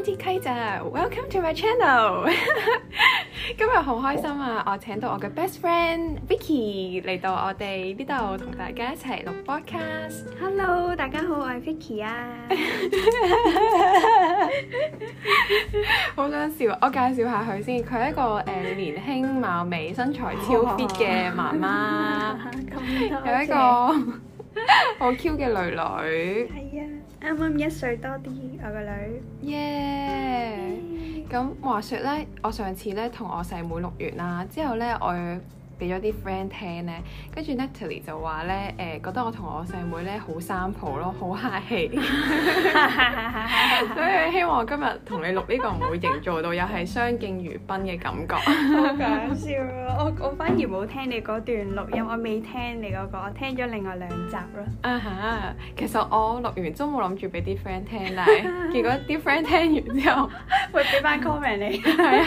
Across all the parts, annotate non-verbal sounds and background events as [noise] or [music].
張志溪啫，Welcome to my channel。今日好開心啊！我請到我嘅 best friend Vicky 嚟到我哋呢度同大家一齊錄 podcast。Hello，大家好，我係 Vicky 啊。好想笑，我介紹下佢先。佢係一個誒年輕貌美、身材超 fit 嘅媽媽，有一個好 Q 嘅女女。係啊。啱啱一歲多啲，我個女。耶！咁話說咧，我上次咧同我細妹錄完喇，之後咧我，俾咗啲 friend 聽咧，跟住 Natalie 就話咧，誒、呃、覺得我同我細妹咧好三浦咯，好客氣，所以希望今日同你錄呢個唔會營造到又係相敬如賓嘅感覺。好搞笑啊，哦！我我反而冇聽你嗰段錄音，我未聽你嗰、嗰個，我聽咗另外兩集咯。啊哈、uh！Huh, 其實我錄完都冇諗住俾啲 friend 聽，但係結果啲 friend 聽完之後 [laughs] 會俾翻 comment 你。係啊，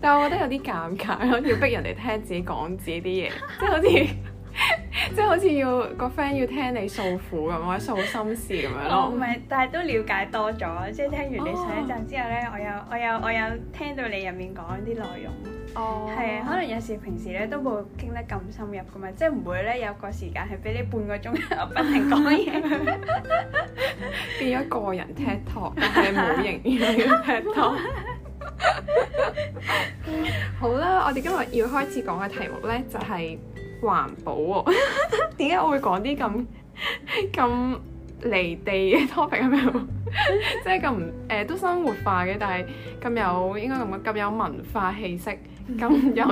但我覺得有啲尷、尷尬咯，要逼人哋聽。自己講自己啲嘢，即係好似， [laughs] [laughs] 即係好似要個 friend 要聽你訴苦咁或者訴心事咁樣咯。唔係，但係都了解多咗，即係聽完你上一陣之後咧、哦，我有我有我有聽到你入面講啲內容。哦，係啊，可能有時平時咧都冇傾得咁深入噶嘛，即係唔會咧有個時間係俾你半個鐘不停講嘢， [laughs] [laughs] 變咗個人 pat 託，但係冇營養 pat 託。 [laughs] [laughs] 好啦，我哋今日要開始講嘅題目呢，就係、是、環保、哦。點 [laughs] 解我會講啲咁咁離地嘅 topic 啊？即係咁誒，都生活化嘅，但係咁有應該咁咁有文化氣息，咁 [laughs] 有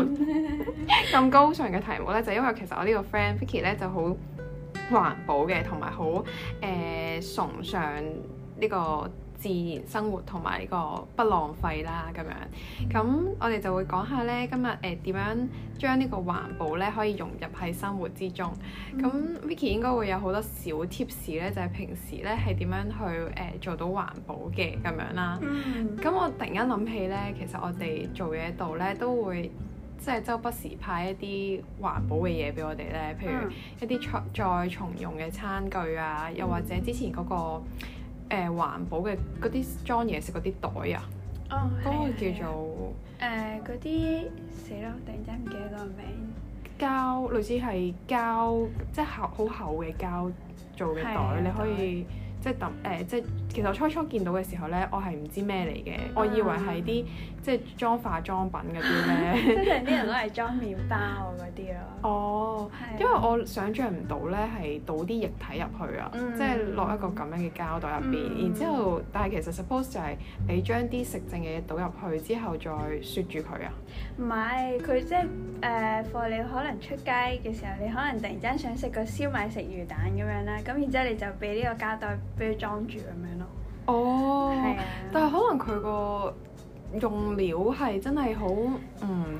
咁高尚嘅題目呢，就是、因為其實我呢個 friend Vicky 呢，就好環保嘅，同埋好崇尚呢、呢個。自然生活同埋呢個不浪費啦，咁樣咁我哋就會講下呢。今日誒點樣將呢個環保呢可以融入喺生活之中。咁 Vicky、嗯、應該會有好多小 tips 呢，就係、是、平時呢係點樣去誒、呃、做到環保嘅咁樣啦。咁、嗯、我突然間諗起呢，其實我哋做嘢度呢，都會即係周不時派一啲環保嘅嘢俾我哋呢，譬如一啲再再重用嘅餐具啊，又或者之前嗰、那個。嗯嗯誒、呃、環保嘅嗰啲裝嘢食嗰啲袋啊，嗰個，哦、叫做誒嗰啲，死咯，突然之間唔記得個名，膠類似係膠，即係厚好厚嘅膠做嘅袋，啊，你可以、嗯、即係揼誒即係。其實我初初見到嘅時候咧，我係唔知咩嚟嘅，我以為係啲即係裝化妝品嗰啲咧，通常啲人都係裝麵包嗰啲咯。哦、oh, 的，因為我想象唔到咧係倒啲液體入去啊，mm. 即係落一個咁樣嘅膠袋入邊，mm. 然之後，但係其實 suppose 就係你將啲食剩嘅嘢倒入去之後再雪住佢啊？唔係，佢即係誒，如、呃、你可能出街嘅時候，你可能突然之間想食個燒賣、食魚蛋咁樣啦，咁然之後你就俾呢個膠袋俾佢裝住咁樣咯。哦，oh, 啊、但係可能佢個用料係真係好唔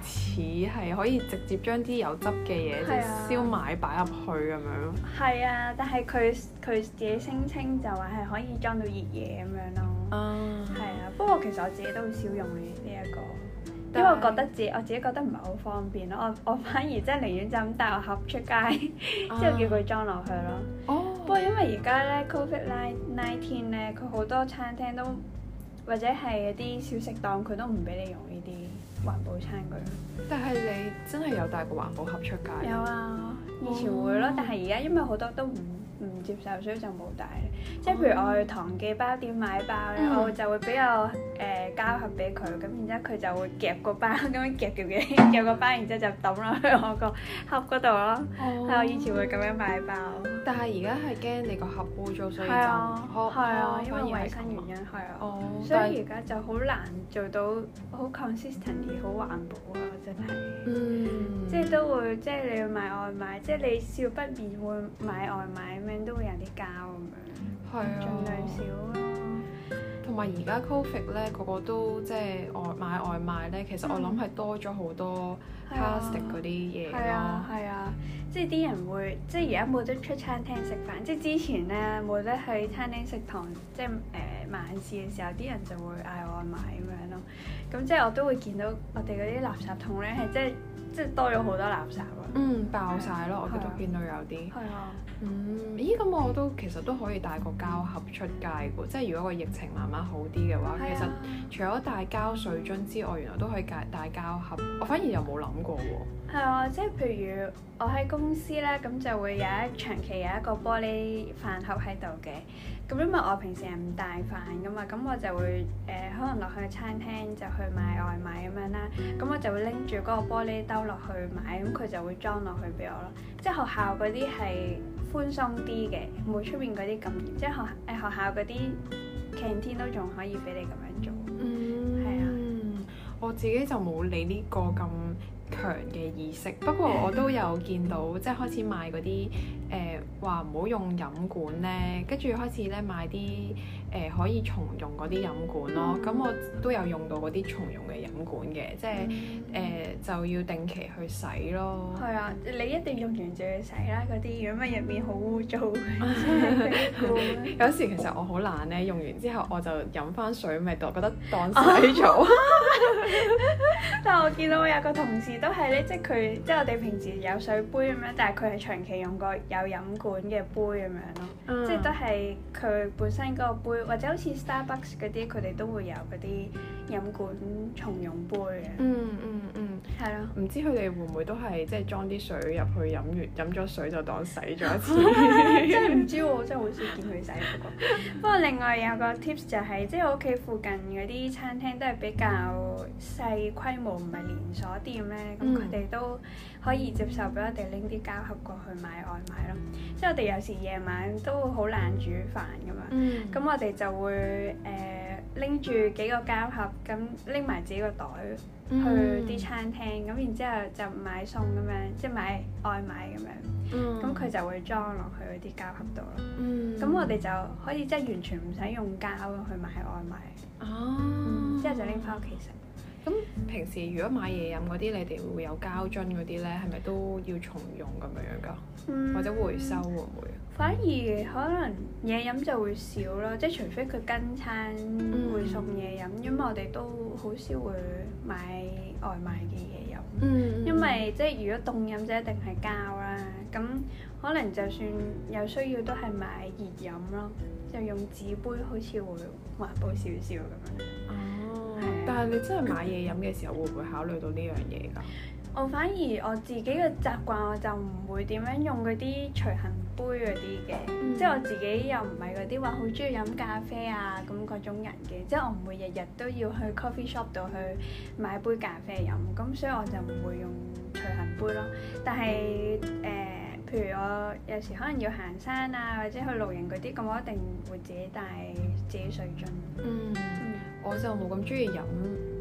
似，係可以直接將啲有汁嘅嘢、啊、即係燒賣擺入去咁樣。係啊，但係佢佢自己聲稱就話係可以裝到熱嘢咁樣咯。嗯，係啊，不過其實我自己都好少用呢、這、一個，因為我覺得自我自己覺得唔係好方便咯。我我反而即係寧願就咁帶個盒出街，之、uh. [laughs] 後叫佢裝落去咯。哦。Oh. 不過因為而家咧，COVID nineteen 咧，佢好多餐廳都或者係嗰啲小食檔，佢都唔俾你用呢啲環保餐具。但係你真係有帶個環保盒出街啊？有啊，以前會咯，哇但係而家因為好多都唔。唔接受，所以就冇帶。即係譬如我去唐記包店買包咧，oh. 我就會比較誒膠盒俾佢，咁、呃、然之後佢就會夾個包咁樣夾住嘅，夾個包，然之後就抌落去我個盒嗰度咯。係、oh. 我以前會咁樣買包。但係而家係驚你個盒污糟，所以啊，係啊，啊反而 因為衞生原因係啊，啊哦、所以而家就好難做到好 consistent 好環保啊！真係、嗯嗯，即係都會即係你要買外賣，即係你少不免會買外賣。咁樣都會有啲膠咁樣，係啊，盡量少咯。同埋而家 Covid 咧，個個都即係外買外賣咧，嗯、其實我諗係多咗好多 plastic 嗰啲嘢咯。啊，係啊，係啊，係啊，即係啲人會即係而家冇得出餐廳食飯，即係之前咧冇得去餐廳食堂，即係誒、呃、晚市嘅時候，啲人就會嗌外賣咁樣咯。咁即係我都會見到我哋嗰啲垃圾桶咧係即係。即係多咗好多垃圾咯，嗯，爆晒咯，對我覺得見到有啲，係啊對，嗯，咦，咁我都其實都可以帶個膠盒出街嘅，即係如果個疫情慢慢好啲嘅話，啊、其實除咗帶膠水樽之外，原來都可以帶帶膠盒，我反而又冇諗過喎。係啊，即係譬如我喺公司咧，咁就會有一長期有一個玻璃飯盒喺度嘅。咁因為我平時係唔帶飯噶嘛，咁我就會誒、呃、可能落去餐廳就去買外賣咁樣啦。咁我就會拎住嗰個玻璃兜落去買，咁佢就會裝落去俾我咯。即係學校嗰啲係寬鬆啲嘅，冇出面嗰啲咁嚴。即係學誒、欸、學校嗰啲 canteen 都仲可以俾你咁樣做。嗯，係啊。嗯，我自己就冇你呢個咁強嘅意識，不過我都有見到 [laughs] 即係開始賣嗰啲誒。呃話唔好用飲管呢，跟住開始咧買啲。誒、呃、可以重用嗰啲飲管咯，咁我都有用到嗰啲重用嘅飲管嘅，即係誒就要定期去洗咯。係啊、嗯嗯，你一定用完就要洗啦，嗰啲如果乜入面好污糟嘅。 [laughs] [laughs] 有時其實我好懶咧，用完之後我就飲翻水咪當覺得當洗咗。但係我見到我有個同事都係咧、就是，即係佢即係我哋平時有水杯咁樣，但係佢係長期用過有飲管嘅杯咁樣咯，即係都係佢本身嗰個杯。或者好似 Starbucks 嗰啲，佢哋都會有嗰啲飲管重用杯嘅、嗯。嗯嗯嗯，係咯。唔知佢哋會唔會都係即係裝啲水入去飲完，飲咗水就當洗咗一次 [laughs] [laughs] 真。真係唔知喎，真係好少見佢洗嗰個不，不過另外有個 tips 就係、是，即係我屋企附近嗰啲餐廳都係比較細規模，唔係連鎖店咧，咁佢哋都。嗯可以接受俾我哋拎啲膠盒過去買外賣咯，嗯、即係我哋有時夜晚都好難煮飯咁樣，咁、嗯、我哋就會誒拎住幾個膠盒，咁拎埋自己個袋去啲餐廳，咁、嗯、然之後，後就買餸咁樣，即係買外賣咁樣，咁佢就會裝落去嗰啲膠盒度咯。咁、嗯、我哋就可以即係、就是、完全唔使用，用膠去買外賣、哦嗯，之後就拎翻屋企食。咁平時如果買嘢飲嗰啲，你哋會有膠樽嗰啲呢？係咪都要重用咁樣樣噶？嗯、或者回收會唔會？反而可能嘢飲就會少咯，即係除非佢跟餐會送嘢飲，嗯、因為我哋都好少會買外賣嘅嘢飲。嗯嗯、因為即係如果凍飲就一定係膠啦，咁可能就算有需要都係買熱飲咯，嗯、就用紙杯好似會環保少少咁樣。嗯嗯、但係你真係買嘢飲嘅時候，會唔會考慮到呢樣嘢㗎？我反而我自己嘅習慣，我就唔會點樣用嗰啲隨行杯嗰啲嘅，嗯、即係我自己又唔係嗰啲話好鍾意飲咖啡啊咁嗰種人嘅，即係我唔會日日都要去 coffee shop 度去買杯咖啡飲，咁所以我就唔會用隨行杯咯。但係誒、嗯呃，譬如我有時可能要行山啊，或者去露營嗰啲，咁我一定會自己帶自己水樽。嗯。嗯我就冇咁中意飲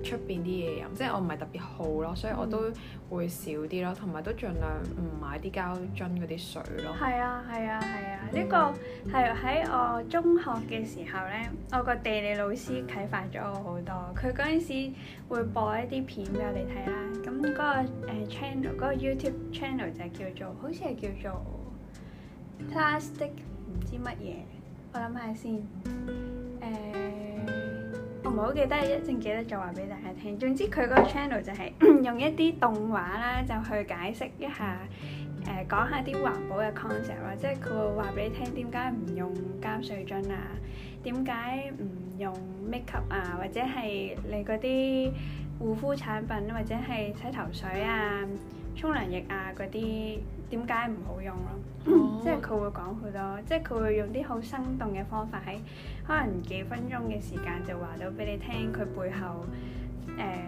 出邊啲嘢飲，即係我唔係特別好咯，所以我都會少啲咯，同埋都盡量唔買啲膠樽嗰啲水咯。係啊，係啊，係啊！呢個係喺我中學嘅時候呢，我個地理老師啟發咗我好多。佢嗰陣時會播一啲片俾我哋睇啦。咁嗰個誒 channel，嗰個 YouTube channel 就叫做好似係叫做 Plastic 唔知乜嘢，我諗下先誒。嗯我唔好記得，一陣記得就話俾大家聽。總之佢個 channel 就係、是、 [coughs] 用一啲動畫啦，就去解釋一下，誒、呃、講下啲環保嘅 concept，或者佢會話俾你聽點解唔用膠水樽啊，點解唔用 makeup 啊，或者係你嗰啲護膚產品或者係洗頭水啊。沖涼液啊嗰啲點解唔好用咯、oh. 嗯？即係佢會講好多，即係佢會用啲好生動嘅方法喺可能幾分鐘嘅時間就話到俾你聽佢背後誒、呃，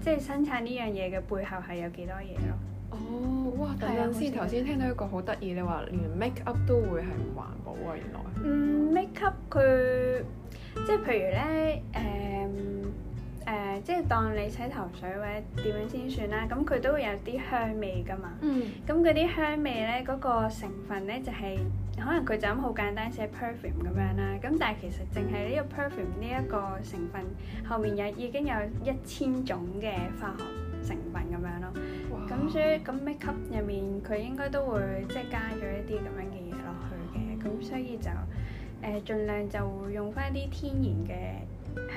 即係生產呢樣嘢嘅背後係有幾多嘢咯？哦，oh. 哇！等陣先，頭先對像聽到一個好得意，你話連 make up 都會係唔環保啊，原來嗯，make up 佢即係譬如咧誒。嗯誒、呃，即係當你洗頭水或者點樣先算啦，咁佢都會有啲香味噶嘛。嗯。咁啲香味咧，嗰、那個成分咧就係、是、可能佢就咁好簡單寫 perfume 咁樣啦。咁但係其實淨係呢個 perfume 呢一個成分，後面有已經有一千種嘅化學成分咁樣咯。哇。咁所以咁 makeup 入面佢應該都會即係加咗一啲咁樣嘅嘢落去嘅。咁哇所以就誒，儘、呃、量就用翻啲天然嘅。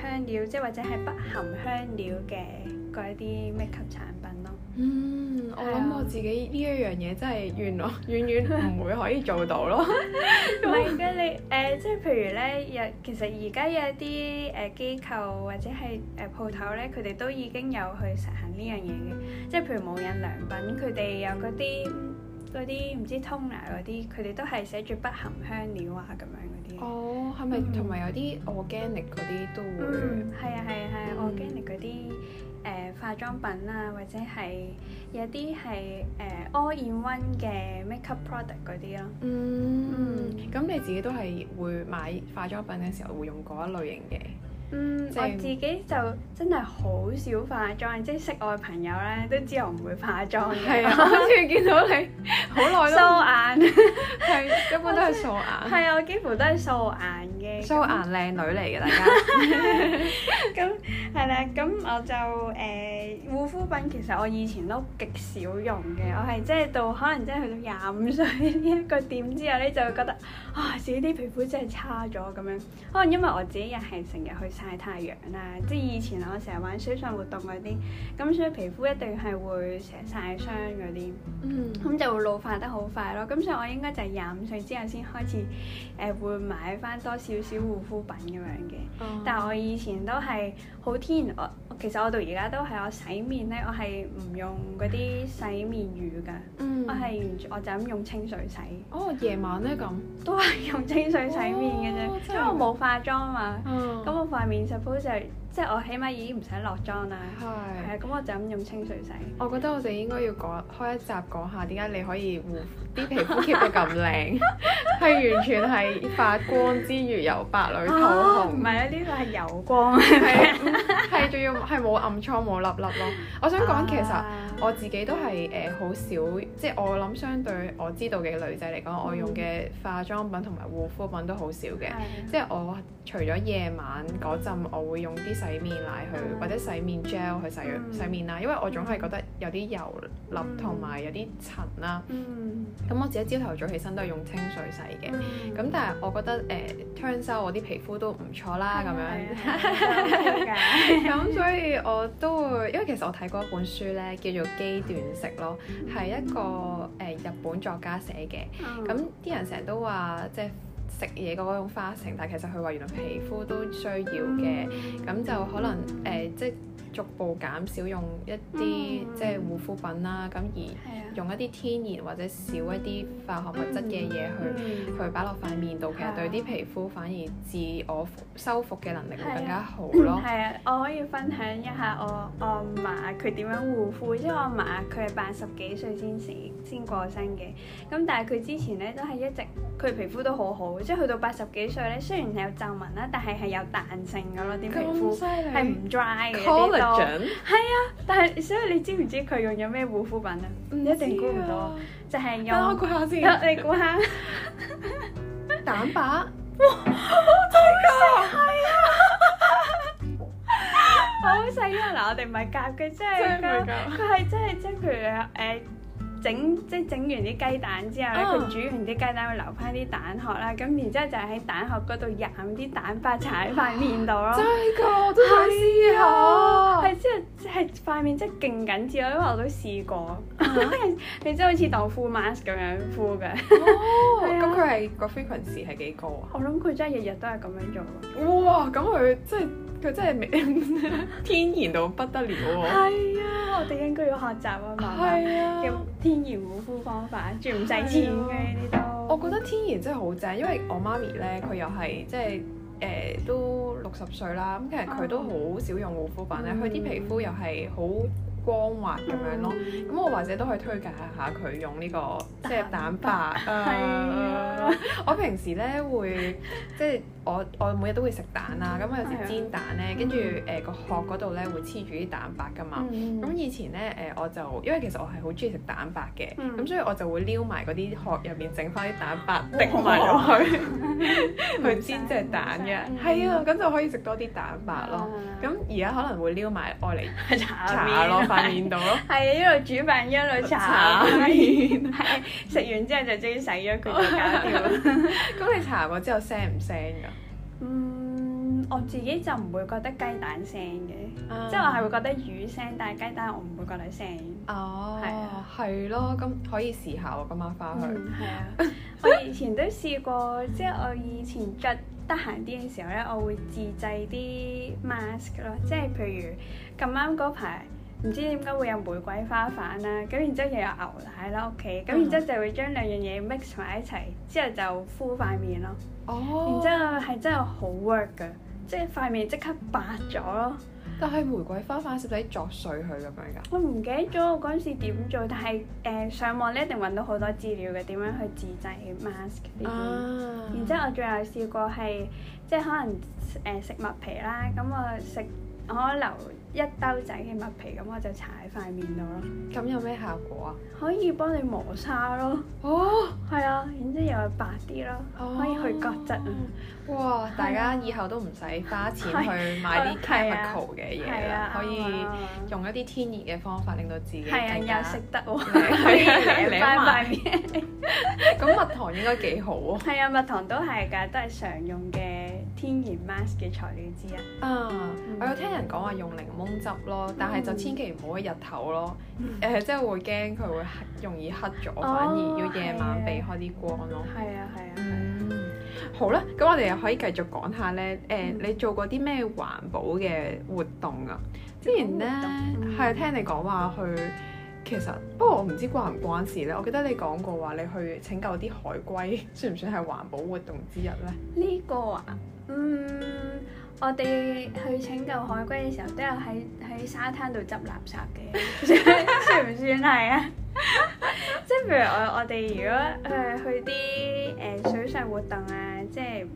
香料即係或者係不含香料嘅嗰啲咩級產品咯。嗯，我諗我自己呢一樣嘢真係遠咯，遠遠唔會可以做到咯。唔而家你誒、呃，即係譬如咧，有其實而家有啲誒機構或者係誒鋪頭咧，佢、呃、哋都已經有去實行呢樣嘢嘅，即係譬如無印良品，佢哋有嗰啲。嗰啲唔知通牙嗰啲，佢哋、er、都係寫住不含香料啊咁樣嗰啲。哦，係咪同埋有啲 organic 嗰啲都會？係啊係啊係啊，organic 嗰啲誒化妝品啊，或者係有啲係誒 all in one 嘅 makeup product 嗰啲囉。嗯，咁、嗯嗯、你自己都係會買化妝品嘅時候會用嗰一類型嘅。嗯，民我自己就真係好少化妝，即係識我嘅朋友咧都知我唔會化妝嘅。係啊，我好似見到你好耐都素 [laughs] 顏，了 [laughs] [laughs] 顏，係根本都係素顏。係啊，我幾乎都係素顏嘅。素顏靚女嚟嘅，大家。咁係啦，咁我就誒、呃、護膚品其實我以前都極少用嘅，我係即係到可能即係去到廿五歲呢一個點之後咧，就會覺得啊自己啲皮膚真係差咗咁樣。可能因為我自己又係成日常常去，曬太陽啦、啊，即係以前我成日玩水上活動嗰啲，咁所以皮膚一定係會成日曬傷嗰啲，咁、mm. 就會老化得好快咯。咁所以我應該就係廿五歲之後先開始誒、呃、會買翻多少少護膚品咁樣嘅，oh. 但我以前都係。好天然，我其實我到而家都係我洗面咧，我係唔用嗰啲洗面乳噶，我係完全我就咁用清水洗。哦，夜晚咧咁、嗯，都係用清水洗面嘅啫，哦、因為我冇化妝嘛。咁、嗯、我塊面 suppose 就係。即係我起碼已經唔使落妝啦，係是，係咁我就咁用清水洗。我覺得我哋應該要講開一集講下點解你可以護啲皮膚 keep 到咁靚，係 [laughs] 完全係發光之餘由白裏透紅。唔係啊，呢個係油光，係仲是 [laughs] 要係冇暗瘡冇粒粒咯。我想講其實。Uh 我自己都係誒好少，即係我諗相對我知道嘅女仔嚟講，嗯、我用嘅化妝品同埋護膚品都好少嘅。的即係我除咗夜晚嗰陣，我會用啲洗面奶去、嗯、或者洗面 gel 去洗、嗯、洗面啦，因為我總係覺得、嗯。有啲油粒同埋有啲塵啦，咁、嗯、我自己朝頭早起身都係用清水洗嘅，咁、嗯、但係我覺得誒，turn 收我啲皮膚都唔錯啦，咁、嗯、樣，咁所以我都會，因為其實我睇過一本書呢，叫做《基斷食》咯，係、嗯、一個誒、呃、日本作家寫嘅，咁啲、嗯、人成日都話即係食嘢嗰種花成，但係其實佢話原來皮膚都需要嘅，咁、嗯嗯、就可能誒、呃、即、即逐步減少，少用一啲、嗯、即係護膚品啦，咁而用一啲天然或者少一啲化學物質嘅嘢、嗯、去去擺落塊面度，嗯、其實對啲皮膚反而自我修復嘅能力會更加好、嗯、咯。係啊，我可以分享一下我我阿嫲佢點樣護膚，即係我阿嫲佢係八十幾歲先死先過身嘅，咁但係佢之前咧都係一直佢皮膚都好好，即係去到八十幾歲咧，雖然有皺紋啦，但係係有彈性嘅咯啲皮膚，係唔 dry 嘅係啊，但係所以你知唔知佢用咗咩護膚品啊？唔一定估唔到，就係用，等我估下先，你估下蛋白。哇！好細啊，係啊，好細啊。嗱，我哋唔係夾嘅，即係介佢係即係即係譬如誒。整即係整完啲雞蛋之後咧，佢煮完啲雞蛋會留翻啲蛋殼啦，咁然之後就喺蛋殼嗰度染啲蛋白搽喺塊面度咯。真噶，我都想試下。係真係，係塊面真係勁緊緻咯，因為我都試過。你真係好似豆腐 mask 咁樣敷嘅。哦。咁佢係個 frequency 係幾高啊？我諗佢真係日日都係咁樣做。哇！咁佢即係佢真係天然到不得了喎。係啊。我哋應該要學習啊嘛，用天然護膚方法，仲唔使錢嘅呢啲都。我覺得天然真係好正，嗯、因為我媽咪咧，佢又係即係誒都六十歲啦，咁其實佢都好少用護膚品咧，佢啲、嗯、皮膚又係好光滑咁樣咯，咁我或者都可以推介下佢用呢個即係蛋白誒。我平時咧會即係我我每日都會食蛋啦，咁我有時煎蛋咧，跟住誒個殼嗰度咧會黐住啲蛋白㗎嘛。咁以前咧誒我就因為其實我係好鍾意食蛋白嘅，咁所以我就會撩埋嗰啲殼入面整返啲蛋白滴埋落去去煎隻蛋嘅。係啊，咁就可以食多啲蛋白咯。咁而家可能會撩埋愛嚟搽咯。面度咯，係一路煮飯一路搽茶面， [laughs] 係食完之後就終於洗咗佢膠條。咁你搽過之後聲唔聲噶腥唔腥？嗯，我自己就唔會覺得雞蛋腥嘅，uh, 即係我係會覺得魚腥，但係雞蛋我唔會覺得腥。哦，係咯，咁可以試下我今晚翻去。係、嗯、啊， [laughs] 我以前都試過，即係我以前嘅得閒啲嘅時候咧，我會自製啲 mask 咯，即係譬如咁啱嗰排。唔知點解會有玫瑰花瓣啦，咁然之後又有牛奶啦，OK，咁然之後就會將兩樣嘢 mix 埋一齊，之後就敷塊面咯。哦。然之後係真係好 work 嘅，即係塊面即刻白咗咯。但係玫瑰花瓣使唔使作碎佢咁樣㗎？我唔記得咗我嗰陣時點做，但係誒上網咧一定揾到好多資料嘅，點樣去自製 mask 呢啲。啊。然之後我仲有試過係，即係可能誒食麥皮啦，咁我食我留。一兜仔嘅麥皮咁我就搽喺塊面度咯。咁有咩效果啊？可以幫你磨砂咯。哦，係啊，然之後又係白啲咯。哦，可以去角質啊。哇！大家以後都唔使花錢去買啲 chemical 嘅嘢啊。啊啊可以用一啲天然嘅方法令到自己係啊，啊，又食得喎，可以靚翻塊面。咁蜜 [laughs] 糖應該幾好喎？係啊，蜜糖都係㗎，都係常用嘅。天然 mask 嘅材料之一啊！我有聽人講話用檸檬汁咯，但係就千祈唔好喺日頭咯，誒，即係會驚佢會黑，容易黑咗，反而要夜晚避開啲光咯。係啊，係啊，係啊！好啦，咁我哋又可以繼續講下咧。誒，你做過啲咩環保嘅活動啊？之前咧係聽你講話去。其實不過我唔知關唔關事咧，我記得你講過話你去拯救啲海龜，算唔算係環保活動之一咧？呢個啊，嗯，我哋去拯救海龜嘅時候都有喺喺沙灘度執垃圾嘅， [laughs] 算唔算係啊？ [laughs] [laughs] 即係譬如我我哋如果誒、呃、去啲誒、呃、水上活動啊，即係。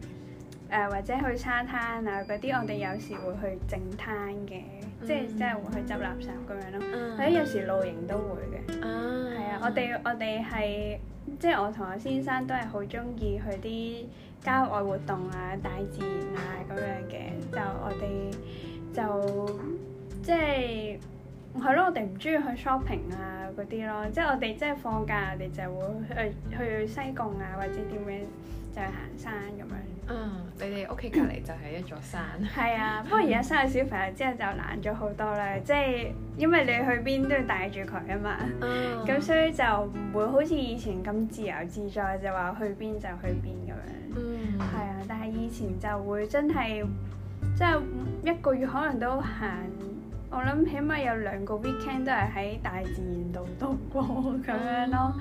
誒、呃、或者去沙灘啊嗰啲，嗯、我哋有時會去正灘嘅，嗯、即係即係會去執垃圾咁樣咯。嗯、或者有時露營都會嘅，係啊！我哋我哋係即係我同我先生都係好中意去啲郊外活動啊、大自然啊咁樣嘅。就我哋就即係係咯，我哋唔中意去 shopping 啊嗰啲咯。即係我哋即係放假，我哋就會去去西貢啊，或者點樣。就係行山咁樣。嗯，你哋屋企隔離就係一座山。係 [coughs] [coughs] 啊，不過而家生咗小朋友之後就難咗好多啦，即係因為你去邊都要帶住佢啊嘛。咁、uh. 所以就唔會好似以前咁自由自在，就話去邊就去邊咁樣。嗯，係啊，但係以前就會真係即係一個月可能都行。我諗起碼有兩個 weekend 都係喺大自然度度過咁樣咯，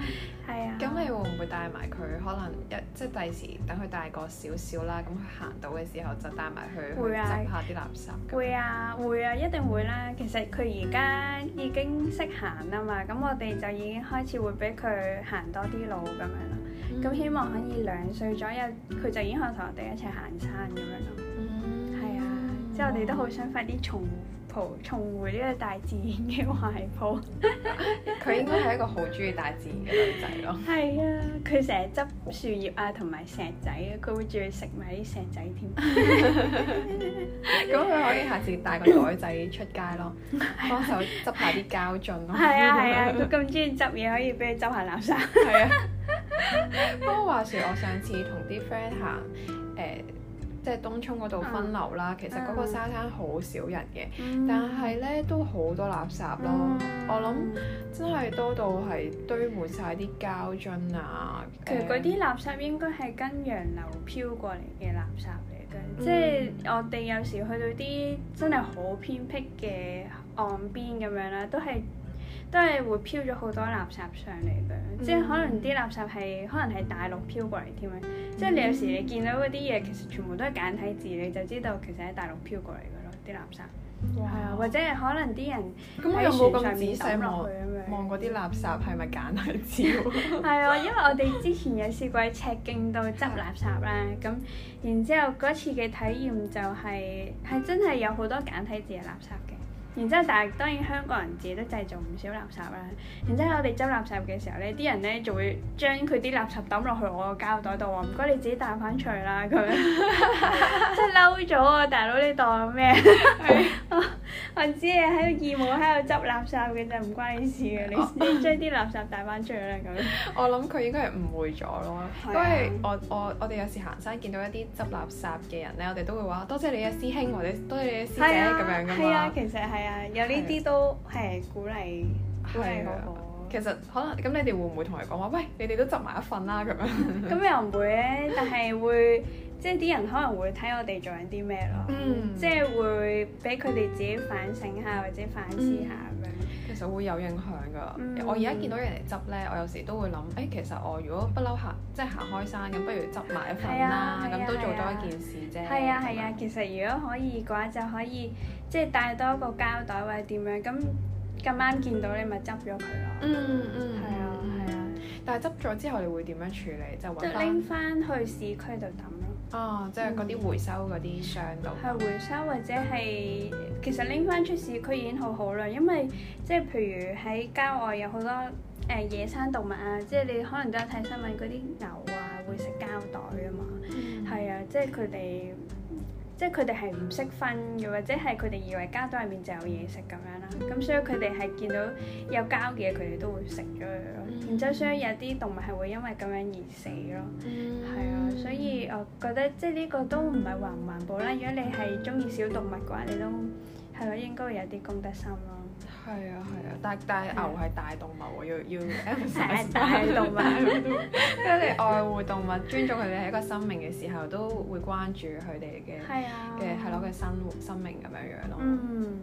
係、嗯、啊。咁你會唔會帶埋佢？可能即係第時等佢大個少少啦，咁佢行到嘅時候就帶埋去執、啊、下啲垃圾。會啊，會啊，一定會啦。其實佢而家已經識行啊嘛，咁我哋就已經開始會俾佢行多啲路咁樣啦。咁希望可以兩歲左右，佢就已經可以同我哋一齊行山咁樣咯。嗯，係啊，之後、嗯嗯、我哋都好想快啲重重回呢個大自然嘅懷抱，佢應該係一個好中意大自然嘅女仔咯。係啊，佢成日執樹葉啊，同埋石仔，佢會中意食埋啲石仔添。咁佢、 [laughs] [laughs] 嗯、可以下次帶個袋仔出街咯， [coughs] 幫手執下啲膠樽咯。係啊係啊，佢咁中意執嘢，啊、可以俾佢執下垃圾。係啊。不過話説，我上次同啲 friend 行誒。呃 [laughs] 即係東涌嗰度分流啦，嗯、其實嗰個沙灘好少人嘅，嗯、但係呢都好多垃圾咯。嗯、我諗真係多到係堆滿晒啲膠樽啊。其實嗰啲垃圾應該係跟洋流漂過嚟嘅垃圾嚟嘅，即係、嗯、我哋有時去到啲真係好偏僻嘅岸邊咁樣咧，都係。都係會漂咗好多垃圾上嚟嘅，即係、嗯、哼可能啲垃圾係可能係大陸漂過嚟添啊！即係、嗯、哼你有時你見到嗰啲嘢，其實全部都係簡體字，你就知道其實喺大陸漂過嚟嘅咯，啲垃圾。係啊哇，或者係可能啲人喺船上面抌落去咁樣，望嗰啲垃圾係咪簡體字？係 [laughs] 啊，因為我哋之前有試過喺赤徑度執垃圾啦，咁 [laughs] 然之後嗰次嘅體驗就係、係、係真係有好多簡體字嘅垃圾嘅。然之後，但係當然香港人自己都製造唔少、嗯、垃圾啦。然之後我哋執垃圾嘅時候咧，啲人咧就會將佢啲垃圾抌落去我個膠袋度，話唔該你自己帶返出去啦咁樣，真係嬲咗啊！大佬你當咩啊？我知啊，喺度義務喺度執垃圾嘅就唔關你事嘅，你先將啲垃圾帶返出去啦咁。我諗佢應該係誤會咗咯，因為我我我哋有時行山見到一啲執垃圾嘅人咧，我哋都會話多謝你嘅師兄或者多謝你嘅師姐咁樣噶嘛。係啊，其實係。啊、有呢啲都係鼓勵，鼓勵、啊、其實可能咁，你哋會唔會同佢講話，喂，你哋都執埋一份啦、啊、咁樣。咁又唔會咧、啊，但係會即係啲人可能會睇我哋做緊啲咩咯。嗯。即係會俾佢哋自己反省下，或者反思下咁樣、嗯。其實會有影響㗎。嗯、我而家見到人哋執呢，我有時都會諗，誒、欸，其實我如果不嬲行，即係行開山咁，不如執埋一份啦。咁都、啊啊、做多一件事啫。係啊係啊，啊，啊，啊，其實如果可以嘅話，就可以。即係帶多個膠袋或者點樣，咁咁啱見到你咪執咗佢咯。嗯、啊、嗯，係啊係啊。但係執咗之後你會點樣處理？就揾即係拎翻去市區度抌咯。哦，即係嗰啲回收嗰啲箱度。係、嗯、回收或者係，其實拎翻出市區已經好好啦，因為即係譬如喺郊外有好多誒、呃、野生動物啊，即係你可能都有睇新聞嗰啲牛啊會食膠袋啊嘛。係、嗯、啊，即係佢哋。即係佢哋係唔識分嘅，或者係佢哋以為膠袋入面就有嘢食咁樣啦。咁所以佢哋係見到有膠嘅嘢，佢哋都會食咗佢咯。嗯、然之後所以有啲動物係會因為咁樣而死咯。係啊、嗯，所以我覺得即係呢個都唔係環唔環保啦。如果你係中意小動物嘅話，你都係咯，應該會有啲公德心咯。係啊係啊，但但牛係大動物喎，要要 emphasis 成大動物，即跟住愛護動物、尊重佢哋係一個生命嘅時候，都會關注佢哋嘅啊，嘅係咯嘅生活、生命咁樣樣咯。嗯，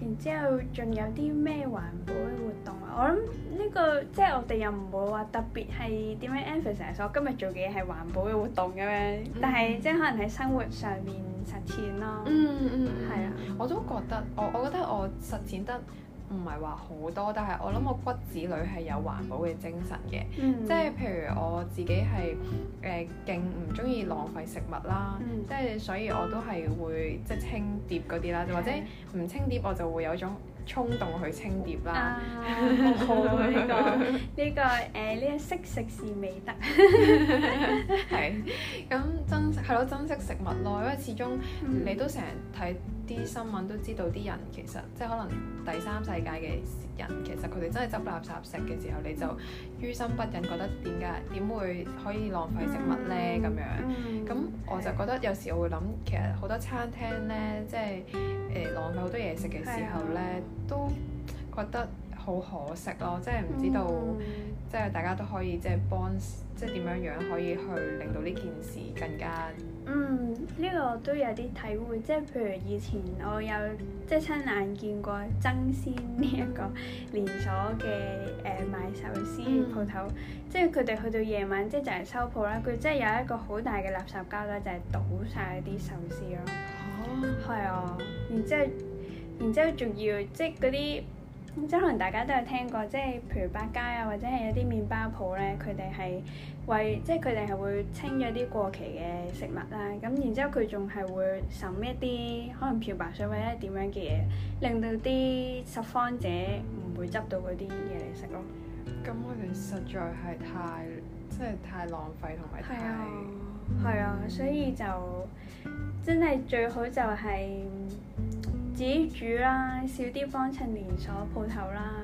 然之後仲有啲咩環保嘅活動啊、嗯？我諗呢、呢個即係、就是、我哋又唔會話特別係點樣 emphasis 我今日做嘅嘢係環保嘅活動咁樣，嗯、但係即係可能喺生活上面。實踐咯，嗯嗯，係、嗯、啊，我都覺得，我我覺得我實踐得唔係話好多，但係我諗我骨子裡係有環保嘅精神嘅，嗯、即係譬如我自己係誒勁唔中意浪費食物啦，嗯、即係所以我都係會即係清碟嗰啲啦，的或者唔清碟我就會有種衝動去清碟啦，呢個呢個誒呢個識食是美德，係咁珍係咯珍惜食物咯，因為始終你都成日睇。嗯啲新聞都知道，啲人其實即係可能第三世界嘅人，其實佢哋真係執垃圾食嘅時候，你就於心不忍，覺得點解點會可以浪費食物呢？咁、嗯、樣？咁、嗯、我就覺得有時我會諗，其實好多餐廳呢，即係誒浪費好多嘢食嘅時候呢，的都覺得。好可惜咯，即係唔知道，嗯、即係大家都可以即係幫，即係點樣樣可以去令到呢件事更加。嗯，呢、呢個都有啲體會，即係譬如以前我有即係親眼見過爭鮮呢一個連鎖嘅誒賣壽司鋪頭，嗯嗯，即係佢哋去到夜晚即係就係收鋪啦，佢即係有一個好大嘅垃圾膠袋就係倒曬啲壽司咯。嚇！係啊，然之後，然之後仲要即係嗰啲。即係可能大家都有聽過，即係譬如百佳啊，或者係有啲麵包鋪咧，佢哋係為即係佢哋係會清咗啲過期嘅食物啦。咁然之後佢仲係會揀一啲可能漂白水或者點樣嘅嘢，令到啲拾荒者唔會執到嗰啲嘢嚟食咯。咁我哋實在係太，即係太浪費同埋太，係啊，係啊，所以就真係最好就係、係。自己煮啦，啊，少啲幫襯連鎖鋪頭啦，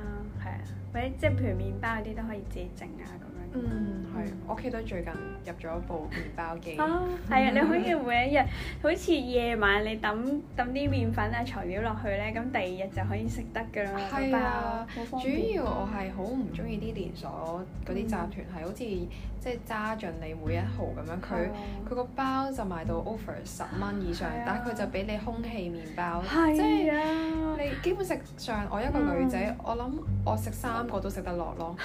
係啊，或者即係譬如麵包嗰啲都可以自己整啊咁。嗯，係，我記得最近入咗部麵包機哦，係啊，你可以每一日，好似夜晚你抌抌啲麵粉啊材料落去咧，咁第二日就可以食得噶啦，個包。係啊，主要我係好唔中意啲連鎖嗰啲集團係好似即係揸盡你每一毫咁樣，佢佢個包就賣到 over 十蚊以上，但係佢就俾你空氣麵包。係，即係啊，你基本食上我一個女仔，我諗我食三個都食得落咯，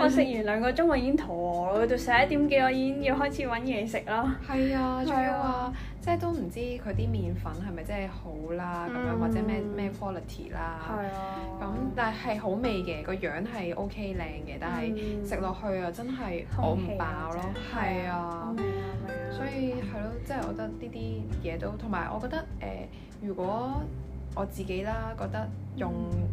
我食完兩個。中午我已經肚餓，到十一點幾，我已經要開始揾嘢食啦。係啊，仲要話，即係都唔知佢啲麵粉係咪真係好啦，咁樣或者咩咩 quality 啦。係啊。咁但係好味嘅，個樣係 OK 靚嘅，但係食落去啊，真係好唔飽咯。係啊。所以係咯，即係我覺得呢啲嘢都，同埋我覺得誒，如果我自己啦，覺得用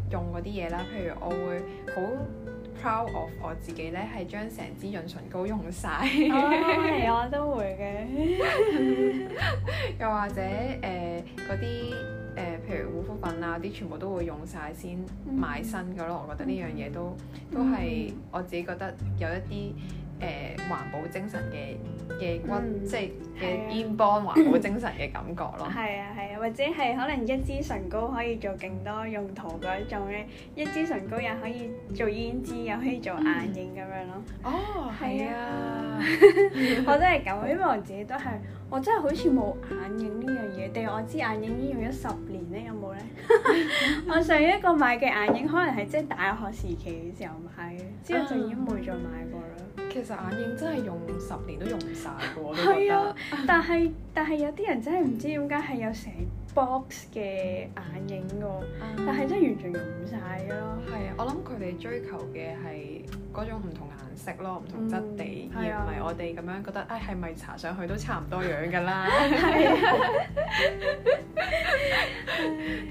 用嗰啲嘢啦，譬如我會好。Proud of 我自己咧，係將成支潤唇膏用曬。係，我都會嘅。 [laughs] [laughs] 又或者誒，啲、呃呃、譬如護膚品啊，啲全部都會用曬先買新嘅咯。Mm hmm. 我覺得呢樣嘢都、mm hmm. 都係我自己覺得有一啲。誒、呃、環保精神嘅嘅骨，嗯、即係嘅肩膊環保精神嘅感覺咯。係啊係啊，curtain, 或者係可能一支唇膏可以做勁多用途嗰種咧，一支唇膏又可以做胭脂，又可以做眼影咁樣咯。哦、mm, oh，係啊，我真係咁，因為我自己都係，我真係好似冇眼影呢樣嘢。但係我支眼影已經用咗十年咧，有冇咧？我上一個買嘅眼影可能係即係大學時期嘅時候買嘅，之後就已經冇再買過啦。其實眼影真係用十年都用唔晒噶，我覺得，係啊， [laughs] 但係但係有啲人真係唔知點解係有成。Box 嘅眼影喎，uh、但係真係完全用唔晒咯。係啊，我諗佢哋追求嘅係嗰種唔同顏色咯，唔同質地，嗯、而唔係我哋咁樣覺得，嗯、唉係咪搽上去都差唔多樣㗎啦？係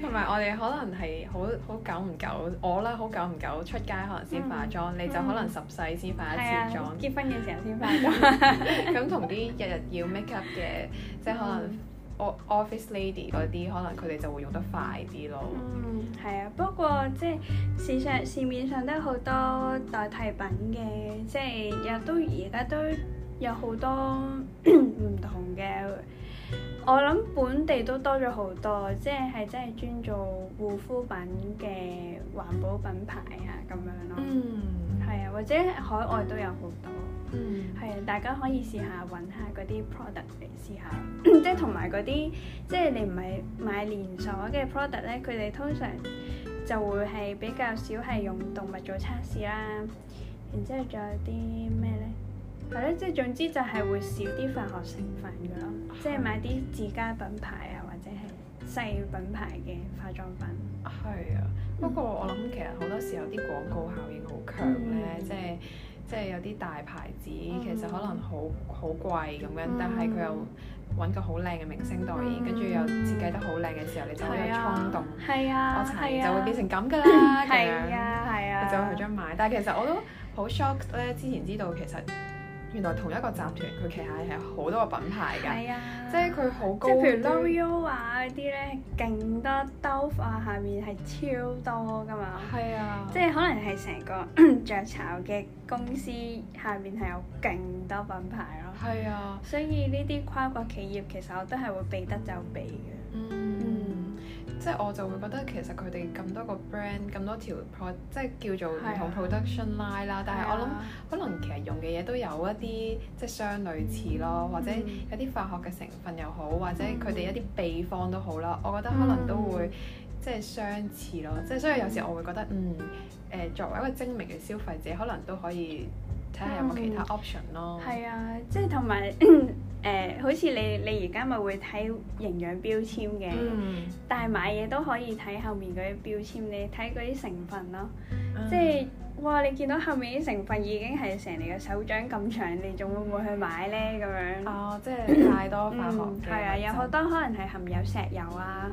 同埋我哋可能係好好久唔久，我啦好久唔久出街可能先化妝，嗯嗯、你就可能十世先化一次妝，嗯、結婚嘅時候先化妝。咁同啲日日要 make up 嘅，即係可能。嗯嗯 Office lady 嗰啲可能佢哋就會用得快啲咯。嗯，係啊，不過即係市上市面上都好多代替品嘅，即係又都而家都有好多唔 [coughs] 同嘅。我諗本地都多咗好多，即係係真係專做護膚品嘅環保品牌啊咁樣咯。嗯。係啊，或者海外都有好多，嗯，係啊，大家可以試下揾下嗰啲 product 嚟試下，即係同埋嗰啲即係你唔係買連鎖嘅 product 咧，佢哋通常就會係比較少係用動物做測試啦。然之後仲有啲咩咧？係咯，即係總之就係會少啲化學成分嘅咯。即係買啲自家品牌啊，或者係細品牌嘅化妝品。係啊，不過我諗其實好多時候啲廣告效應好強咧、mm hmm.，即係即係有啲大牌子其實可能好好貴咁樣，mm hmm. 但係佢又揾個好靚嘅明星代言，跟住、mm hmm. 又設計得好靚嘅時候，Yeah. 你就好有衝動，係啊，我就會變成咁㗎啦，係啊 Yeah. 樣，係啊，就會想買。Yeah. 但係其實我都好 shock 咧，之前知道其實。原來同一個集團，佢旗下係好多個品牌㗎，係啊、即係佢好高。即係譬如 Louis V 啊嗰啲咧，勁多 Dove 啊，下面係超多㗎嘛。係啊，即係可能係成個雀 [coughs] 巢嘅公司下面係有勁多品牌咯。係啊，所以呢啲跨國企業其實我都係會避得就避嘅。即係我就會覺得其實佢哋咁多個 brand 咁多條 pro 即係叫做唔同 production line 啦，但係我諗可能其實用嘅嘢都有一啲即係相類似咯，或者有啲化學嘅成分又好，或者佢哋一啲秘方都好啦，我覺得可能都會即係相似咯。即係所以有時我會覺得嗯誒，作為一個精明嘅消費者，可能都可以睇下有冇其他 option 咯。係啊，即係同埋。誒，好似你你而家咪會睇營養標籤嘅，但係買嘢都可以睇後面嗰啲標籤，你睇嗰啲成分咯。即係哇，你見到後面啲成分已經係成你嘅手掌咁長，你仲會唔會去買呢？咁樣哦，即係太多化學。係啊，有好多可能係含有石油啊、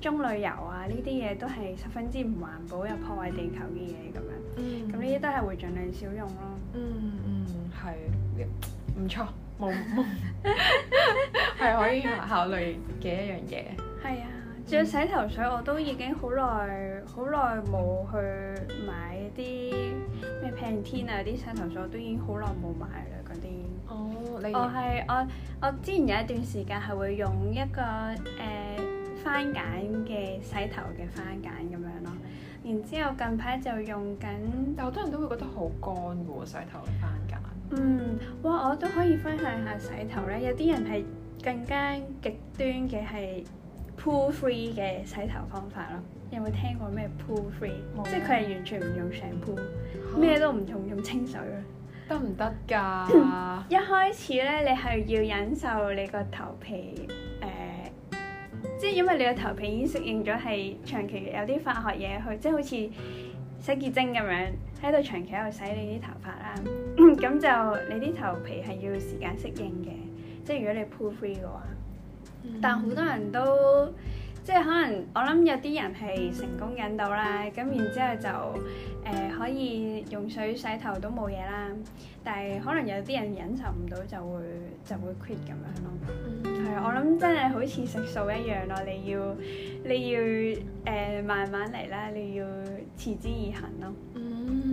棕櫚油啊呢啲嘢，都係十分之唔環保又破壞地球嘅嘢咁樣。嗯，咁呢啲都係會盡量少用咯。嗯嗯，係唔錯。冇冇，係 [laughs] 可以考慮嘅一樣嘢。係啊，仲有洗頭水，我都已經好耐好耐冇去買啲咩 plantain 啊啲洗頭水我都已經好耐冇買啦嗰啲。哦，oh, 你。我係我我之前有一段時間係會用一個誒、呃、番梘嘅洗頭嘅番梘咁樣咯。然之後近排就用緊，但好多人都會覺得好乾㗎喎，洗頭嘅番梘。嗯，哇！我都可以分享下洗頭咧。有啲人係更加極端嘅係 pool free 嘅洗頭方法咯。有冇聽過咩 pool free？嗯、即係佢係完全唔用 shampoo 咩都唔用，用清水咯。得唔得㗎？ [laughs] 一開始咧，你係要忍受你個頭皮誒、呃，即係因為你個頭皮已經適應咗係長期有啲化學嘢去，即係好似，洗潔精咁樣喺度長期喺度洗你啲頭髮啦，咁 [coughs] 就你啲頭皮係要時間適應嘅，即係如果你 poo free 嘅話，嗯、但好多人都。即係可能我諗有啲人係成功忍到啦，咁然之後就誒、呃、可以用水洗頭都冇嘢啦，但係可能有啲人忍受唔到就會就會 quit 咁樣咯。係啊、mm hmm.，我諗真係好似食素一樣咯，你要你要誒、呃、慢慢嚟啦，你要持之以恒咯。嗯、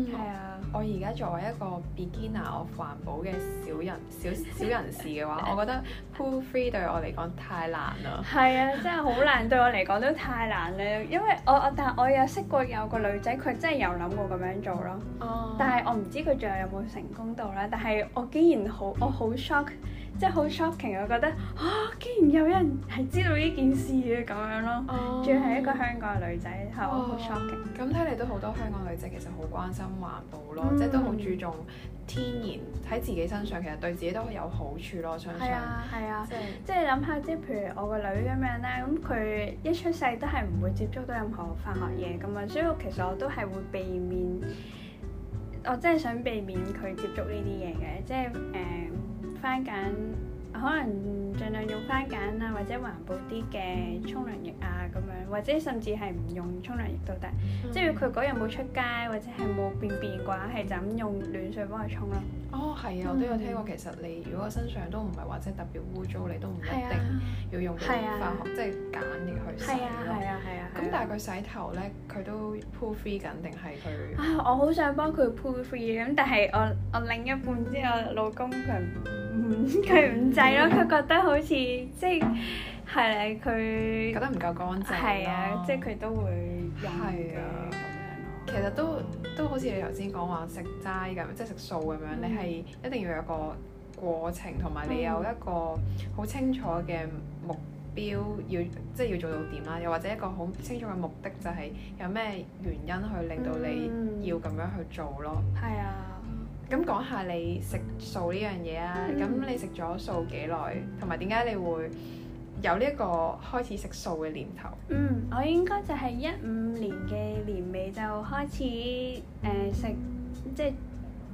mm，係、hmm. 啊。我而家作為一個 beginner，我環保嘅小人小小人士嘅話， [laughs] 我覺得 pool free 對我嚟講太難啦。係啊，真係好難， [laughs] 對我嚟講都太難啦。因為我我，但係我有識過有個女仔，佢真係有諗過咁樣做咯。Oh。但係我唔知佢最後有冇成功到啦。但係我竟然好，我好 shock。即係好 shocking，我覺得嚇、哦，竟然有人係知道呢件事嘅咁樣咯，仲要係一個香港女仔，係好 shocking。咁睇嚟都好多香港女仔其實好關心環保咯，嗯、即係都好注重天然喺、嗯、自己身上，其實對自己都有好處咯。相信係啊，係啊，即係諗下即係譬如我個女咁樣咧，咁佢一出世都係唔會接觸到任何化學嘢咁啊，所以我其實我都係會避免，我真係想避免佢接觸呢啲嘢嘅，即係誒。嗯番梘可能盡量用番梘啊，或者環保啲嘅沖涼液啊咁樣，或者甚至係唔用沖涼液都得。嗯、即係佢嗰日冇出街或者係冇便便嘅話，係就咁用暖水幫佢沖咯。哦，係啊，嗯、我都有聽過。其實你如果身上都唔係話即係特別污糟，你都唔一定要用啲化學即係梘液去洗咯。係啊係啊係啊。咁的但係佢洗頭咧，佢都 poo free 緊定係佢。啊！我好想幫佢 poo free 咁，但係我我另一半之後、嗯、老公佢。佢唔制咯，佢、嗯、覺得好似即係咧，佢覺得唔夠乾淨，係啊，即係佢都會用啲咁樣咯。其實都、嗯、都好似你頭先講話食齋咁，即係食素咁樣，嗯、你係一定要有個過程，同埋你有一個好清楚嘅目標，嗯、要即係要做到點啦。又或者一個好清楚嘅目的，就係、是、有咩原因去令到你要咁樣去做咯。係、嗯、啊。咁講下你食素呢樣嘢啊！咁、嗯、你食咗素幾耐？同埋點解你會有呢一個開始食素嘅念頭？嗯，我應該就係一五年嘅年尾就開始誒食，即係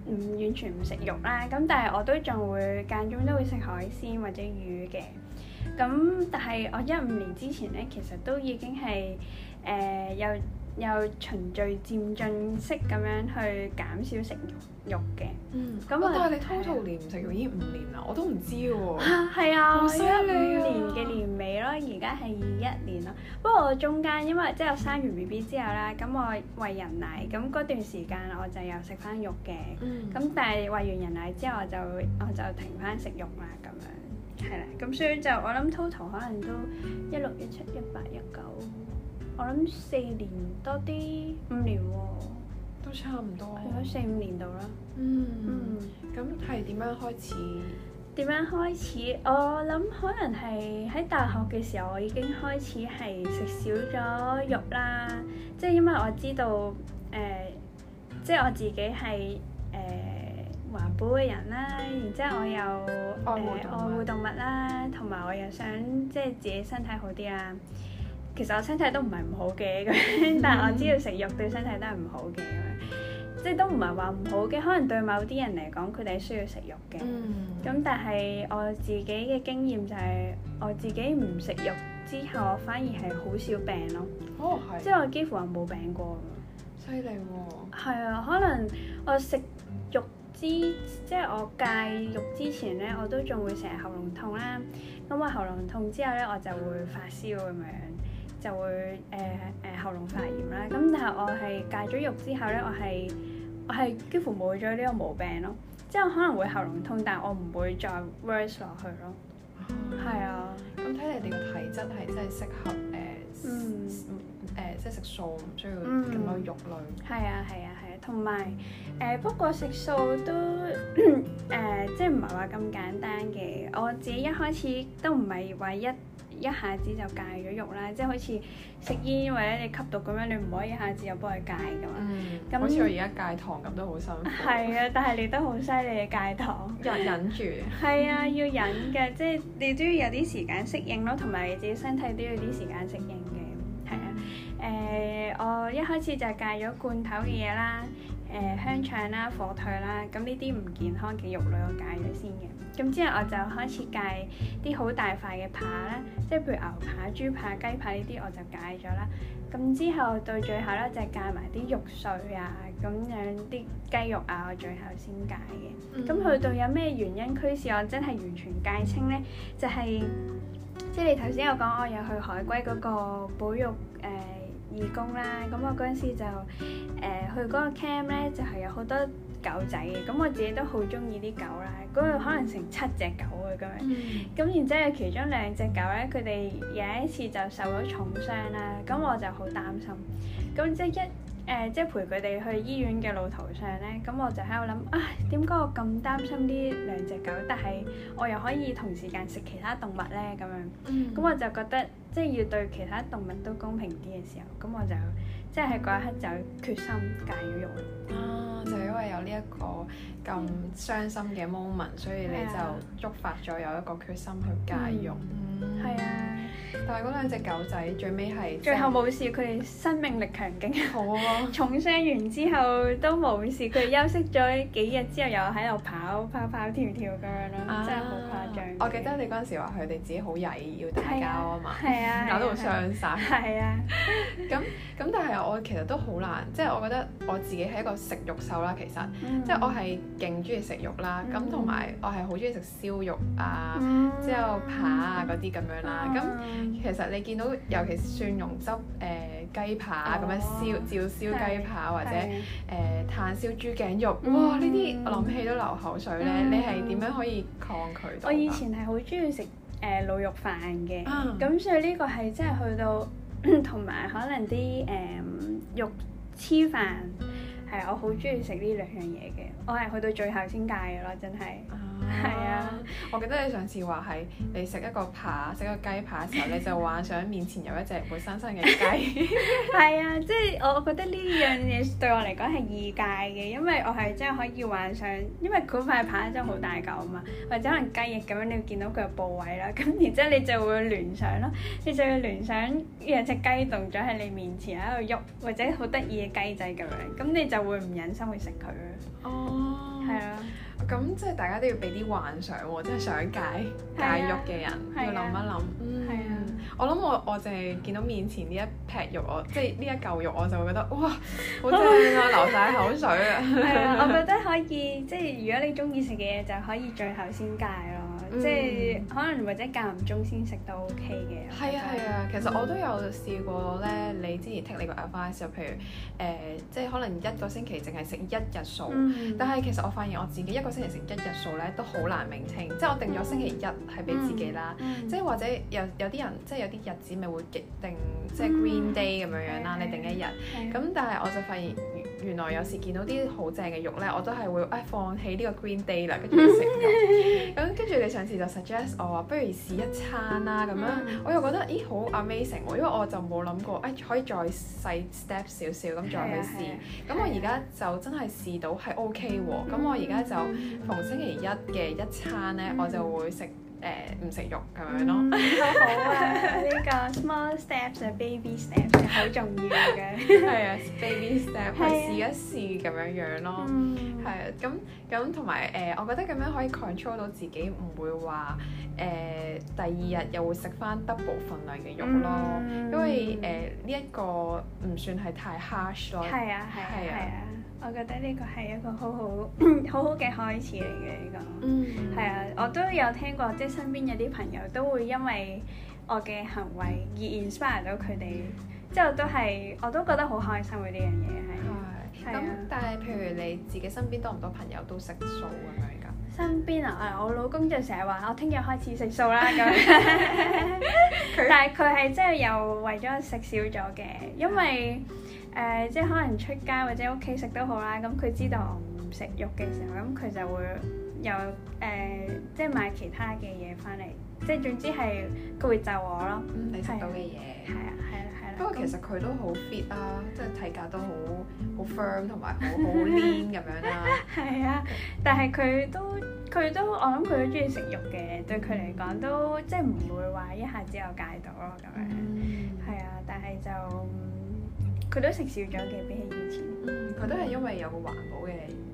唔完全唔食肉啦。咁但係我都仲會間中都會食海鮮或者魚嘅。咁但係我一五年之前呢，其實都已經係誒、呃、有。又循序漸進式咁樣去減少食肉嘅，咁啊，嗯、就但係你 total 年唔食肉已經五年啦，嗯、我都唔知喎。嚇，係啊，一五、啊啊啊、年嘅年尾咯，而家係二一年啦。不過我中間因為即係生完 B B 之後啦，咁我喂人奶，咁嗰段時間我就又食翻肉嘅，咁、嗯、但係喂完人奶之後我就我就停翻食肉啦，咁樣係啦。咁、啊、所以就我諗 total 可能都一六一七一八一九。我諗四年多啲，嗯，五年喎，都差唔多，係咯，四五年度啦。嗯，咁係點樣開始？點樣開始？我諗可能係喺大學嘅時候，我已經開始係食少咗肉啦。即、就、係、是、因為我知道，誒、呃、即、就、係、是、我自己係誒環保嘅人啦。然之後我又誒愛護動物啦，同埋、呃、我又想即係、就是、自己身體好啲啊。其實我身體都唔係唔好嘅咁， [laughs] 但係我知道食肉對身體都係唔好嘅咁樣，即係都唔係話唔好嘅，可能對某啲人嚟講，佢哋係需要食肉嘅。咁、嗯、但係我自己嘅經驗就係、是、我自己唔食肉之後，反而係好少病咯。哦，係。即係我幾乎係冇病過。犀利喎！係啊，可能我食肉之，即、就、係、是、我戒肉之前咧，我都仲會成日喉嚨痛啦。咁我喉嚨痛之後咧，我就會發燒咁、嗯、樣。就會誒誒、呃呃呃、喉嚨發炎啦，咁但係我係戒咗肉之後咧，我係我係幾乎冇咗呢個毛病咯。即係我可能會喉嚨痛，但係我唔會再 worse 落去咯。係、嗯、啊，咁睇你哋個體質係真係適合誒，誒即係食素，唔需要咁多肉類。係啊係啊係啊，同埋誒不過食素都誒、呃、即係唔係話咁簡單嘅。我自己一開始都唔係話一。一下子就戒咗肉啦，即係好似食煙或者你吸毒咁樣，你唔可以一下子又幫佢戒噶嘛。嗯。咁好似我而家戒糖咁都好辛苦。係 [laughs] 啊，但係你都好犀利嘅戒糖。要忍住。係 [laughs] 啊，要忍嘅，即係你都要有啲時間適應咯，同埋你自己身體都要有啲時間適應嘅。係啊，誒、呃，我一開始就戒咗罐頭嘅嘢啦，誒、呃，香腸啦、啊、火腿啦、啊，咁呢啲唔健康嘅肉類我戒咗先嘅。咁之後我就開始戒啲好大塊嘅扒啦，即係譬如牛扒、豬扒、雞扒呢啲我就戒咗啦。咁之後到最後咧，就係戒埋啲肉碎啊，咁樣啲雞肉啊，我最後先戒嘅。咁、mm hmm. 去到有咩原因驅使我真係完全戒清呢，就係即係你頭先有講，我有去海龜嗰個保育誒、呃、義工啦。咁我嗰陣時就誒、呃、去嗰個 camp 咧，就係、是、有好多狗仔嘅。咁我自己都好中意啲狗啦。可能成七隻狗啊，咁樣，咁然之後其中兩隻狗咧，佢哋有一次就受咗重傷啦，咁我就好擔心。咁即係一誒，即、呃、係陪佢哋去醫院嘅路途上咧，咁我就喺度諗，啊點解我咁擔心呢兩隻狗，但係我又可以同時間食其他動物咧咁樣？咁、嗯、我就覺得。即係要對其他動物都公平啲嘅時候，咁我就即係嗰一刻就決心戒咗肉啦。啊，就係因為有呢一個咁傷心嘅 moment，所以你就觸發咗有一個決心去戒肉。嗯，係啊。但係嗰兩隻狗仔最尾係最後冇事，佢哋生命力強勁。好。Oh. [laughs] 重傷完之後都冇事，佢哋休息咗幾日之後又喺度跑，跑跑跑跳跳咁樣咯，ah. 真係好誇張。我記得你嗰陣時話佢哋自己好曳，要打交啊嘛。搞到會傷曬。係啊，咁咁但係我其實都好難，即係我覺得我自己係一個食肉獸啦，其實，即係我係勁中意食肉啦，咁同埋我係好中意食燒肉啊，之後扒啊嗰啲咁樣啦。咁其實你見到，尤其是蒜蓉汁誒雞扒咁樣燒，照燒雞扒或者誒炭燒豬頸肉，哇！呢啲我諗起都流口水咧。你係點樣可以抗拒到？我以前係好中意食。誒滷肉飯嘅，咁、uh. 所以呢個係真係去到同埋 [coughs] 可能啲誒、嗯、肉黐飯係，我好中意食呢兩樣嘢嘅，我係去到最後先戒嘅咯，真係。Uh. 係啊，我記得你上次話係你食一個扒食一個雞扒嘅時候，你就幻想面前有一隻活生生嘅雞。係啊，即係我覺得呢樣嘢對我嚟講係異界嘅，因為我係真係可以幻想，因為嗰塊扒真係好大嚿啊嘛，或者可能雞翼咁樣，你見到佢嘅部位啦，咁然之後你就會聯想囉，你就會聯想有隻雞動咗喺你面前喺度喐，或者好得意嘅雞仔咁樣，咁你就會唔忍心去食佢咯。哦，係啊。咁即係大家都要俾啲幻想喎。哦，即係想戒戒肉嘅人要諗一諗。係啊。我諗我我淨係見到面前呢一劈肉，我即係呢一嚿肉，我就會覺得哇，好正啊， [laughs] 流晒口水啊。係啊，我覺得可以，即係如果你中意食嘅嘢，就可以最後先戒咯。嗯、即係可能或者間唔中先食都 OK 嘅。係啊。其實我都有試過咧，你之前 take 你個 advice 就譬如誒、呃，即係可能一個星期淨係食一日素，嗯、但係其實我發現我自己一個星期食一日素咧都好難 maintain，即係我定咗星期一係俾自己啦，嗯嗯、即係或者有有啲人即係有啲日子咪會極定即係 green day 咁樣樣啦，嗯、你定一日，咁、嗯、但係我就發現。原來有時見到啲好正嘅肉呢，我都係會誒、哎、放棄呢個 green day 啦，跟住食咁，跟住你上次就 suggest 我話，不如試一餐啦咁樣， [noise] 我又覺得咦好 amazing 喎，amazing，因為我就冇諗過誒、哎、可以再細 step 少少咁再去試。咁、啊啊、我而家就真係試到係 OK 喎。咁 [noise] 我而家就逢星期一嘅一餐呢， [noise] 我就會食。誒唔食肉咁樣咯，嗯、好啊！呢 [laughs] 個 small steps 同 baby steps 係好 [laughs] 重要嘅，係 [laughs] 啊、yeah，baby step 係、啊、試一試咁樣樣咯，係、嗯、啊，咁咁同埋誒，我覺得咁樣可以 control 到自己唔會話誒、呃、第二日又會食翻 double 份量嘅肉咯，嗯、因為誒呢一個唔算係太 harsh 咯，係啊係啊。我覺得呢個係一個好好好好嘅開始嚟嘅呢個，係、嗯、啊，我都有聽過，即、就、係、是、身邊有啲朋友都會因為我嘅行為而 inspire 到佢哋，之、就、後、是、都係我都覺得好開心嘅呢樣嘢係。咁、嗯啊、但係譬如你自己身邊多唔多朋友都食素咁樣噶？身邊啊，我老公就成日話我聽日開始食素啦咁，但係佢係即係又為咗食少咗嘅，因為。誒、呃，即係可能出街或者屋企食都好啦，咁佢知道我唔食肉嘅時候，咁佢就會又誒、呃，即係買其他嘅嘢翻嚟，即係總之係佢會就我咯。嗯、你食到嘅嘢。係啊，係啦，係 [noise] 啦。不過其實佢都好 fit 啦，即係體格都好好 firm 同埋好好 lean 咁樣啦。係啊， [noise] 啊，但係佢都佢都，我諗佢都中意食肉嘅，嗯、對佢嚟講都即係唔會話一下子又戒到咯咁樣。係、嗯、啊，但係就。佢都食少咗嘅，比起以前。嗯，佢都係因為有個環保嘅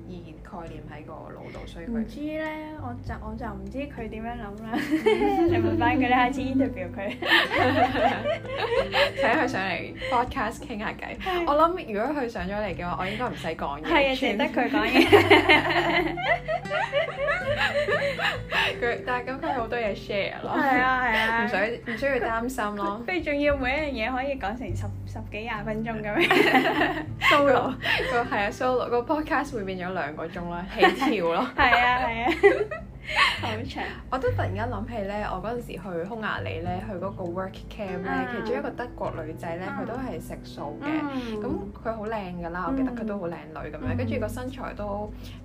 意見。概念喺個腦度，所以佢唔知咧，我就我就唔知佢點樣諗啦。你問翻佢啦，下次 interview 佢，請佢上嚟 podcast 傾下偈。我諗如果佢上咗嚟嘅話，我應該唔使講嘢，係啊，淨得佢講嘢。佢但係咁，佢好多嘢 share 咯，係啊係啊，唔使唔需要擔心咯。不如仲要每一樣嘢可以講成十十幾廿分鐘咁樣，solo 個係啊 solo 個 podcast 會變咗兩個。 [laughs] [laughs] [laughs] 起跳咯，係啊，係啊，好長。我都突然間諗起咧，我嗰陣時去匈牙利咧，去嗰個 work camp 咧，其中一個德國女仔咧，佢都係食素嘅。咁佢好靚噶啦，嗯、我記得佢都好靚女咁樣，跟住個身材都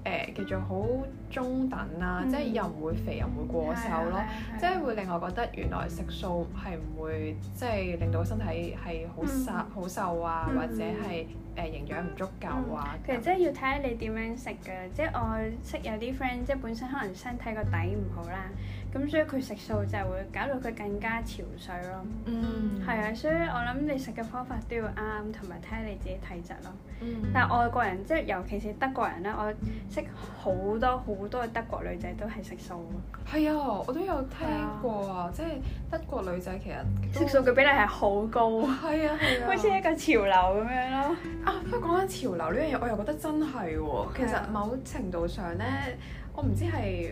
誒、呃、叫做好中等啦，嗯、即係又唔會肥又唔會過瘦咯，嗯嗯、即係會令我覺得原來食素係唔會即係令到個身體係好瘦好、嗯、瘦啊，或者係。誒、呃、營養唔足夠啊、嗯，其實真係要睇下你點樣食㗎，嗯、即係我識有啲 friend，即係本身可能身體個底唔好啦。咁所以佢食素就會搞到佢更加憔悴咯、嗯，係啊！所以我諗你食嘅方法都要啱，同埋睇下你自己體質咯。嗯、但係外國人即係尤其是德國人咧，我識好多好多嘅德國女仔都係食素。係啊，我都有聽過啊！即係德國女仔其實食素嘅比例係好高，係啊係啊，啊啊 [laughs] 好似一個潮流咁樣咯。啊，不過講緊潮流呢樣嘢，我又覺得真係喎。啊、其實某程度上咧。嗯我唔知係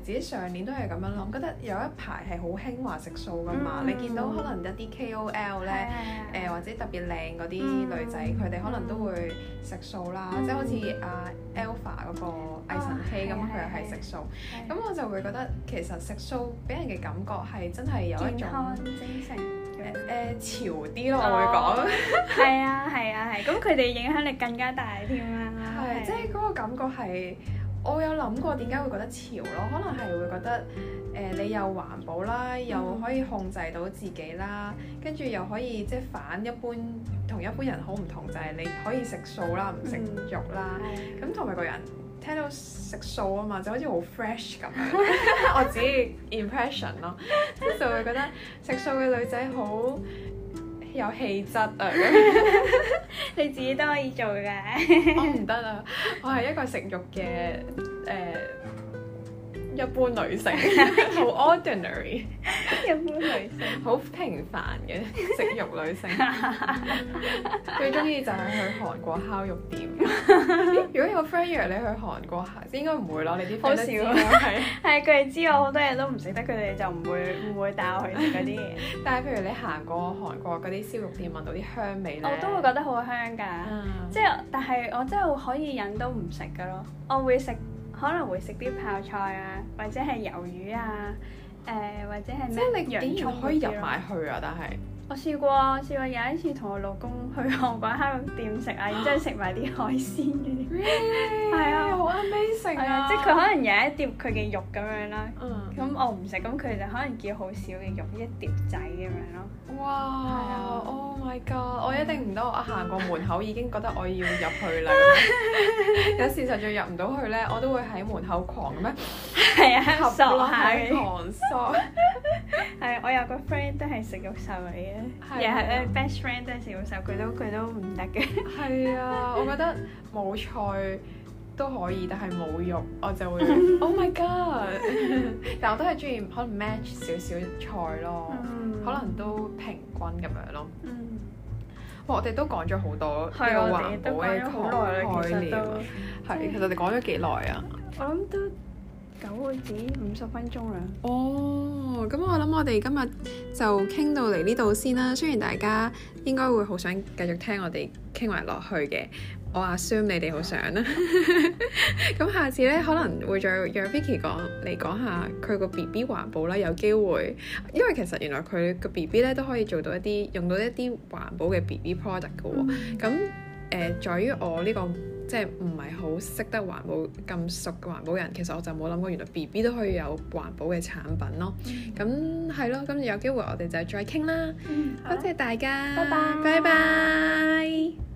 誒自己上年都係咁樣諗，覺得有一排係好興話食素噶嘛。你見到可能一啲 KOL 咧，誒或者特別靚嗰啲女仔，佢哋可能都會食素啦。即係好似阿 Alpha 嗰個藝神 K 咁，佢又係食素。咁我就會覺得其實食素俾人嘅感覺係真係有一種精神誒潮啲咯，我會講。係啊係啊係，咁佢哋影響力更加大添啦。係，即係嗰個感覺係。我有諗過點解會覺得潮咯，可能係會覺得誒、呃、你又環保啦，又可以控制到自己啦，跟住又可以即係反一般同一般人好唔同，就係、是、你可以食素啦，唔食肉啦，咁同埋個人聽到食素啊嘛，就好似好 fresh 咁樣， [laughs] [laughs] 我自己 impression 咯，就會覺得食素嘅女仔好。有氣質啊！ [laughs] [laughs] 你自己都可以做㗎，我唔得啊！我係一個食肉嘅誒。呃一般女性，好 [laughs] 很 ordinary，一般女性，好 [laughs] 平凡嘅食肉女性， [laughs] [laughs] 最中意就係去韓國烤肉店。 [laughs] 如果有 friend 約你去韓國，應該唔會攞你啲好少啊，係佢哋知我好多嘢都唔食得，佢哋就唔會唔會帶我去食嗰啲嘢。 [laughs] 但係譬如你行過韓國嗰啲燒肉店，聞到啲香味咧，我都會覺得好香㗎。嗯、即係，但係我真係可以忍都唔食嘅咯。我會食。可能會食啲泡菜啊，或者係魷魚啊，誒或者係咩？即係你羊肉可以入埋去啊！但係我試過試過有一次同我老公去韓國烤肉店食啊，然之後食埋啲海鮮嗰啲，係啊好 amazing 啊！即係佢可能有一碟佢嘅肉咁樣啦，咁我唔食，咁佢就可能叫好少嘅肉一碟仔咁樣咯。哇！係啊，Oh my god！嗯、一定唔得！我行過門口已經覺得我要入去啦。 [laughs] [laughs] 有事實在入唔到去咧，我都會喺門口狂嘅咩？係啊，縮狂。縮吧。係、啊，我有個 friend 都係食肉獸嚟嘅，亦係咧 best friend 都係食肉獸，佢都佢都唔得嘅。係啊，我覺得冇菜都可以，但係冇肉我就會。Oh my god！ [laughs] 但我都係中意可能 match 少少菜咯，嗯、可能都平均咁樣咯。嗯哦、我哋都講咗好多係個環對保嘅概念，係其實你講咗幾耐啊？我諗都九個字五十分鐘啦。哦，咁我諗我哋今日就傾到嚟呢度先啦。雖然大家應該會好想繼續聽我哋傾埋落去嘅。我阿 Sam，你哋好想啦，咁 [laughs] 下次咧可能會再讓 Vicky 講嚟講下佢個 BB 環保啦，有機會，因為其實原來佢個 BB 咧都可以做到一啲用到一啲環保嘅 BB product 嘅喎、哦。咁誒、嗯呃，在於我呢、呢個即係唔係好識得環保咁熟嘅環保人，其實我就冇諗過原來 BB 都可以有環保嘅產品咯。咁係咯，咁有機會我哋就再傾啦。多、嗯、謝，謝大家，拜拜。